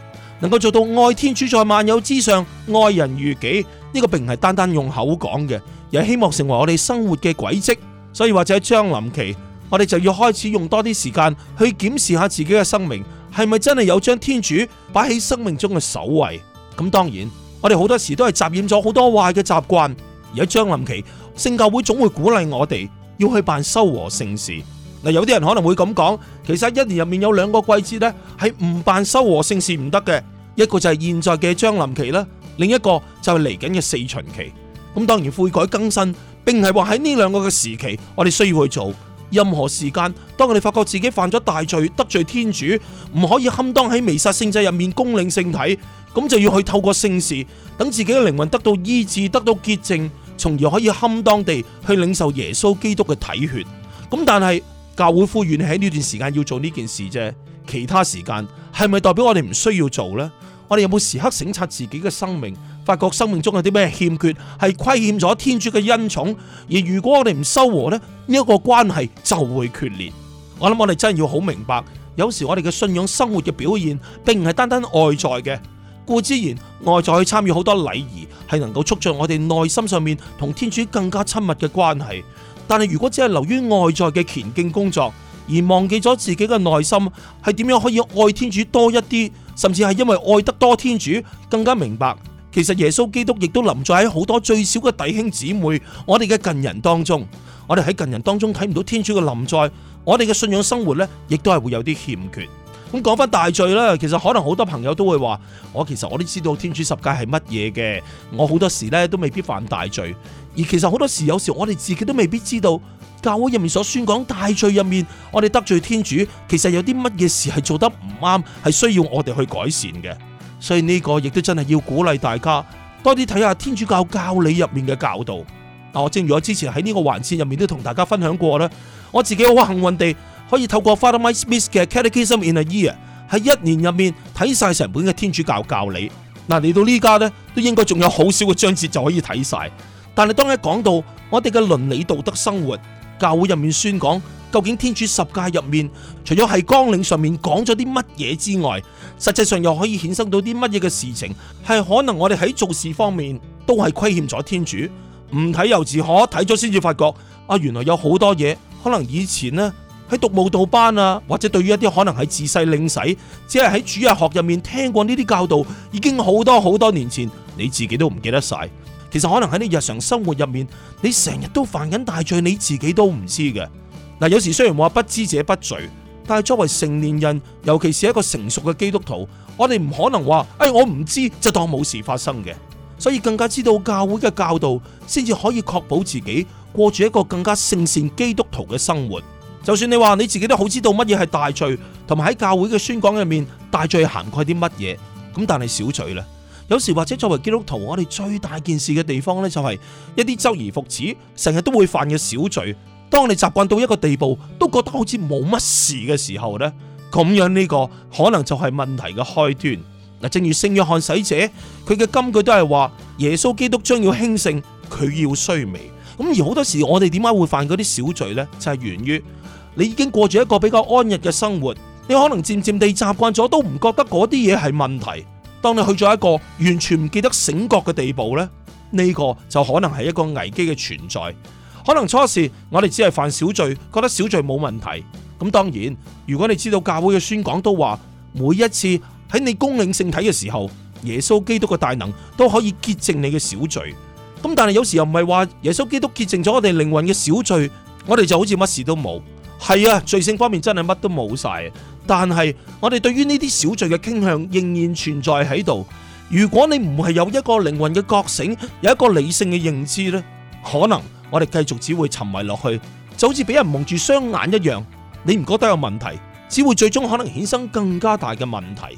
能夠做到愛天主在萬有之上，愛人如己，呢個並唔係單單用口講嘅，而係希望成為我哋生活嘅軌跡。所以或者喺將臨期，我哋就要開始用多啲時間去檢視下自己嘅生命，係咪真係有將天主擺喺生命中嘅首位？咁當然，我哋好多時都係習染咗好多壞嘅習慣。而喺將臨期，聖教會總會鼓勵我哋要去辦修和聖事。嗱，有啲人可能會咁講，其實一年入面有兩個季節呢，係唔辦修和聖事唔得嘅。一個就係現在嘅將臨期啦，另一個就係嚟緊嘅四旬期。咁當然悔改更新，並係話喺呢兩個嘅時期，我哋需要去做。任何時間，當我哋發覺自己犯咗大罪，得罪天主，唔可以堪當喺彌撒聖祭入面供領聖體，咁就要去透過聖事，等自己嘅靈魂得到醫治、得到潔淨，從而可以堪當地去領受耶穌基督嘅體血。咁但係教會呼籲喺呢段時間要做呢件事啫，其他時間。係咪代表我哋唔需要做呢？我哋有冇時刻省察自己嘅生命，發覺生命中有啲咩欠缺，係虧欠咗天主嘅恩寵？而如果我哋唔修和呢，呢、呢、一個關係就會決裂。我諗我哋真係要好明白，有時我哋嘅信仰生活嘅表現，並唔係單單外在嘅。固之然，外在去參與好多禮儀，係能夠促進我哋內心上面同天主更加親密嘅關係。但係如果只係留於外在嘅虔敬工作，而忘記咗自己嘅內心係點樣可以愛天主多一啲，甚至係因為愛得多，天主更加明白。其實耶穌基督亦都臨在喺好多最小嘅弟兄姊妹，我哋嘅近人當中。我哋喺近人當中睇唔到天主嘅臨在，我哋嘅信仰生活呢，亦都係會有啲欠缺。咁講翻大罪啦，其實可能好多朋友都會話，我其實我都知道天主十誡係乜嘢嘅，我好多時呢都未必犯大罪，而其實好多時有時我哋自己都未必知道。教會入面所宣講大罪入面，我哋得罪天主，其實有啲乜嘢事係做得唔啱，係需要我哋去改善嘅。所以呢個亦都真係要鼓勵大家多啲睇下天主教教理入面嘅教導。嗱、啊，我正如我之前喺呢個環節入面都同大家分享過咧，我自己好幸運地可以透過 Father Mike Smith 嘅《Catechism in a Year》喺一年入面睇晒成本嘅天主教教理。嗱、啊，嚟到呢家呢，都應該仲有好少嘅章節就可以睇晒，但係當一講到我哋嘅倫理道德生活。教會入面宣講，究竟天主十誡入面，除咗係綱領上面講咗啲乜嘢之外，實際上又可以衍生到啲乜嘢嘅事情？係可能我哋喺做事方面都係虧欠咗天主，唔睇猶自可，睇咗先至發覺，啊，原來有好多嘢，可能以前呢，喺讀慕道班啊，或者對於一啲可能係自細領洗，只係喺主日學入面聽過呢啲教導，已經好多好多年前你自己都唔記得晒。其實可能喺你日常生活入面，你成日都犯緊大罪，你自己都唔知嘅。嗱，有時雖然話不知者不罪，但係作為成年人，尤其是一個成熟嘅基督徒，我哋唔可能話，誒、哎，我唔知就當冇事發生嘅。所以更加知道教會嘅教導，先至可以確保自己過住一個更加聖善基督徒嘅生活。就算你話你自己都好知道乜嘢係大罪，同埋喺教會嘅宣講入面大罪涵蓋啲乜嘢，咁但係小罪呢？有時或者作為基督徒，我哋最大件事嘅地方呢，就係一啲周而復始，成日都會犯嘅小罪。當你習慣到一個地步，都覺得好似冇乜事嘅時候呢，咁樣呢個可能就係問題嘅開端。嗱，正如聖若翰洗者，佢嘅金句都係話，耶穌基督將要興盛，佢要衰微。咁而好多時，我哋點解會犯嗰啲小罪呢？就係源於你已經過住一個比較安逸嘅生活，你可能漸漸地習慣咗，都唔覺得嗰啲嘢係問題。當你去咗一個完全唔記得醒覺嘅地步呢，呢個就可能係一個危機嘅存在。可能初時我哋只係犯小罪，覺得小罪冇問題。咁當然，如果你知道教會嘅宣講都話，每一次喺你恭領聖體嘅時候，耶穌基督嘅大能都可以潔淨你嘅小罪。咁但係有時又唔係話耶穌基督潔淨咗我哋靈魂嘅小罪，我哋就好似乜事都冇。係啊，罪性方面真係乜都冇晒。但係，我哋對於呢啲小罪嘅傾向仍然存在喺度。如果你唔係有一個靈魂嘅覺醒，有一個理性嘅認知呢，可能我哋繼續只會沉迷落去，就好似俾人蒙住雙眼一樣。你唔覺得有問題，只會最終可能衍生更加大嘅問題。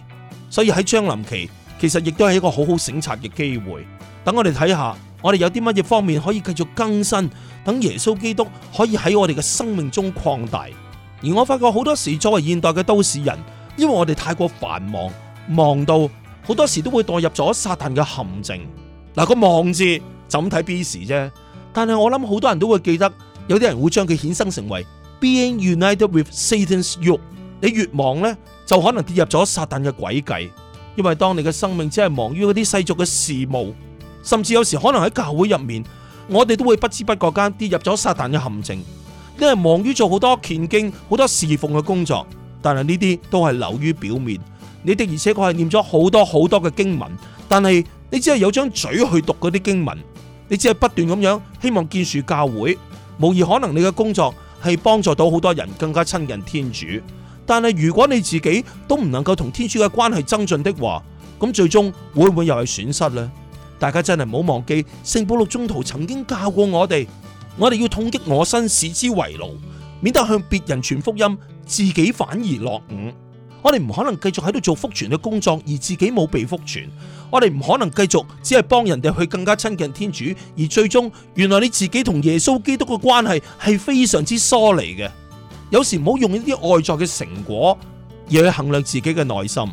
所以喺將臨期，其實亦都係一個好好省察嘅機會。等我哋睇下，我哋有啲乜嘢方面可以繼續更新，等耶穌基督可以喺我哋嘅生命中擴大。而我發覺好多時作為現代嘅都市人，因為我哋太過繁忙，忙到好多時都會墮入咗撒旦嘅陷阱。嗱，個忙字就咁睇 busy 啫，但係我諗好多人都會記得，有啲人會將佢衍生成為 being united with Satan’s yoke。你越忙呢，就可能跌入咗撒旦嘅詭計。因為當你嘅生命只係忙於嗰啲世俗嘅事務，甚至有時可能喺教會入面，我哋都會不知不覺間跌入咗撒旦嘅陷阱。你係忙於做好多虔敬、好多侍奉嘅工作，但係呢啲都係流於表面。你的而且確係念咗好多好多嘅經文，但係你只係有張嘴去讀嗰啲經文，你只係不斷咁樣希望建樹教會，無疑可能你嘅工作係幫助到好多人更加親近天主。但係如果你自己都唔能夠同天主嘅關係增進的話，咁最終會唔會又係損失呢？大家真係唔好忘記聖保祿宗徒曾經教過我哋。我哋要痛擊我身，使之為奴，免得向別人傳福音，自己反而落伍。我哋唔可能繼續喺度做福傳嘅工作，而自己冇被福傳。我哋唔可能繼續只係幫人哋去更加親近天主，而最終原來你自己同耶穌基督嘅關係係非常之疏離嘅。有時唔好用一啲外在嘅成果而去衡量自己嘅內心，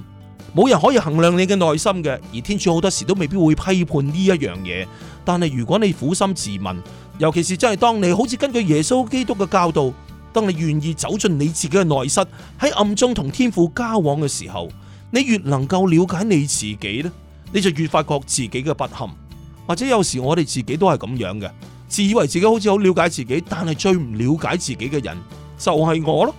冇人可以衡量你嘅內心嘅。而天主好多時都未必會批判呢一樣嘢，但係如果你苦心自問。尤其是真係當你好似根據耶穌基督嘅教導，當你願意走進你自己嘅內室，喺暗中同天父交往嘅時候，你越能夠了解你自己咧，你就越發覺自己嘅不堪。或者有時我哋自己都係咁樣嘅，自以為自己好似好了解自己，但係最唔了解自己嘅人就係我咯。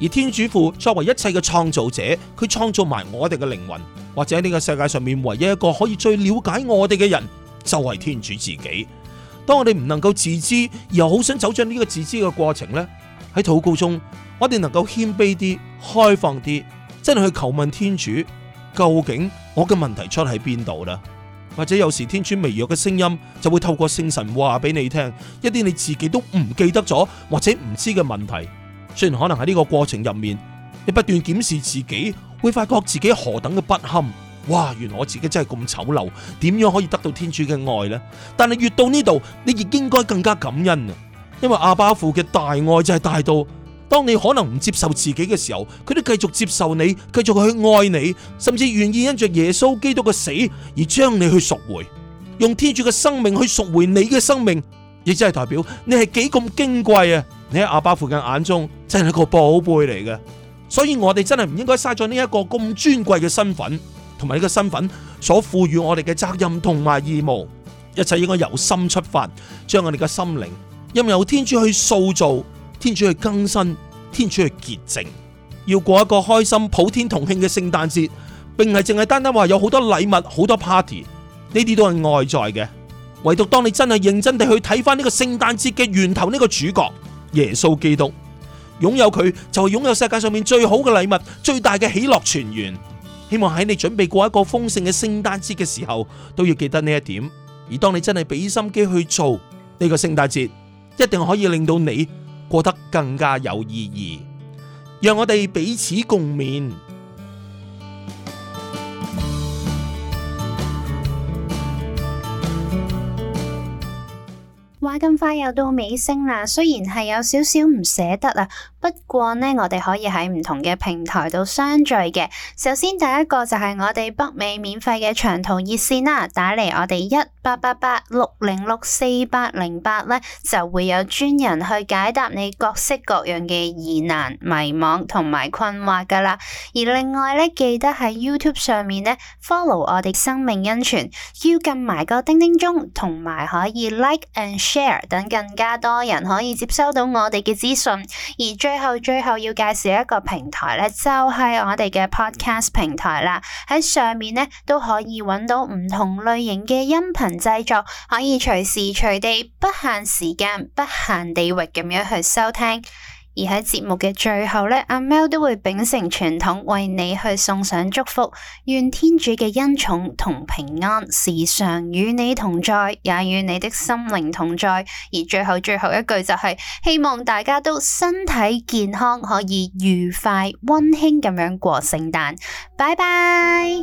而天主父作為一切嘅創造者，佢創造埋我哋嘅靈魂，或者呢個世界上面唯一一個可以最了解我哋嘅人就係天主自己。當我哋唔能夠自知，而又好想走進呢個自知嘅過程呢，喺禱告中，我哋能夠謙卑啲、開放啲，真係去求問天主，究竟我嘅問題出喺邊度啦？或者有時天主微弱嘅聲音就會透過聖神話俾你聽，一啲你自己都唔記得咗或者唔知嘅問題。雖然可能喺呢個過程入面，你不斷檢視自己，會發覺自己何等嘅不堪。哇！原來我自己真係咁醜陋，點樣可以得到天主嘅愛呢？但係越到呢度，你亦應該更加感恩啊！因為阿巴父嘅大愛就係大到，當你可能唔接受自己嘅時候，佢都繼續接受你，繼續去愛你，甚至願意因着耶穌基督嘅死而將你去贖回，用天主嘅生命去贖回你嘅生命，亦即係代表你係幾咁矜貴啊！你喺阿巴父嘅眼中真係一個寶貝嚟嘅，所以我哋真係唔應該嘥咗呢一個咁尊貴嘅身份。同埋呢個身份所賦予我哋嘅責任同埋義務，一切應該由心出發，將我哋嘅心靈任由天主去塑造、天主去更新、天主去潔淨，要過一個開心普天同慶嘅聖誕節，並係淨係單單話有好多禮物、好多 party，呢啲都係外在嘅。唯獨當你真係認真地去睇返呢個聖誕節嘅源頭，呢個主角耶穌基督，擁有佢就係擁有世界上面最好嘅禮物、最大嘅喜樂泉源。希望喺你準備過一個豐盛嘅聖誕節嘅時候，都要記得呢一點。而當你真係俾心機去做呢個聖誕節，一定可以令到你過得更加有意義。讓我哋彼此共勉。話咁快又到尾聲啦，雖然係有少少唔捨得啊，不過呢，我哋可以喺唔同嘅平台度相聚嘅。首先第一個就係我哋北美免費嘅長途熱線啦，打嚟我哋一八八八六零六四八零八呢，就會有專人去解答你各式各樣嘅疑難、迷茫同埋困惑噶啦。而另外呢，記得喺 YouTube 上面呢 follow 我哋生命恩泉，要撳埋個叮叮鐘，同埋可以 like and share。Share，等更加多人可以接收到我哋嘅資訊，而最後最後要介紹一個平台呢，就係我哋嘅 Podcast 平台啦。喺上面呢，都可以揾到唔同類型嘅音頻製作，可以隨時隨地、不限時間、不限地域咁樣去收聽。而喺節目嘅最後呢，阿 Mel 都會秉承傳統，為你去送上祝福，願天主嘅恩寵同平安時常與你同在，也與你的心靈同在。而最後，最後一句就係、是、希望大家都身體健康，可以愉快溫馨咁樣過聖誕。拜拜。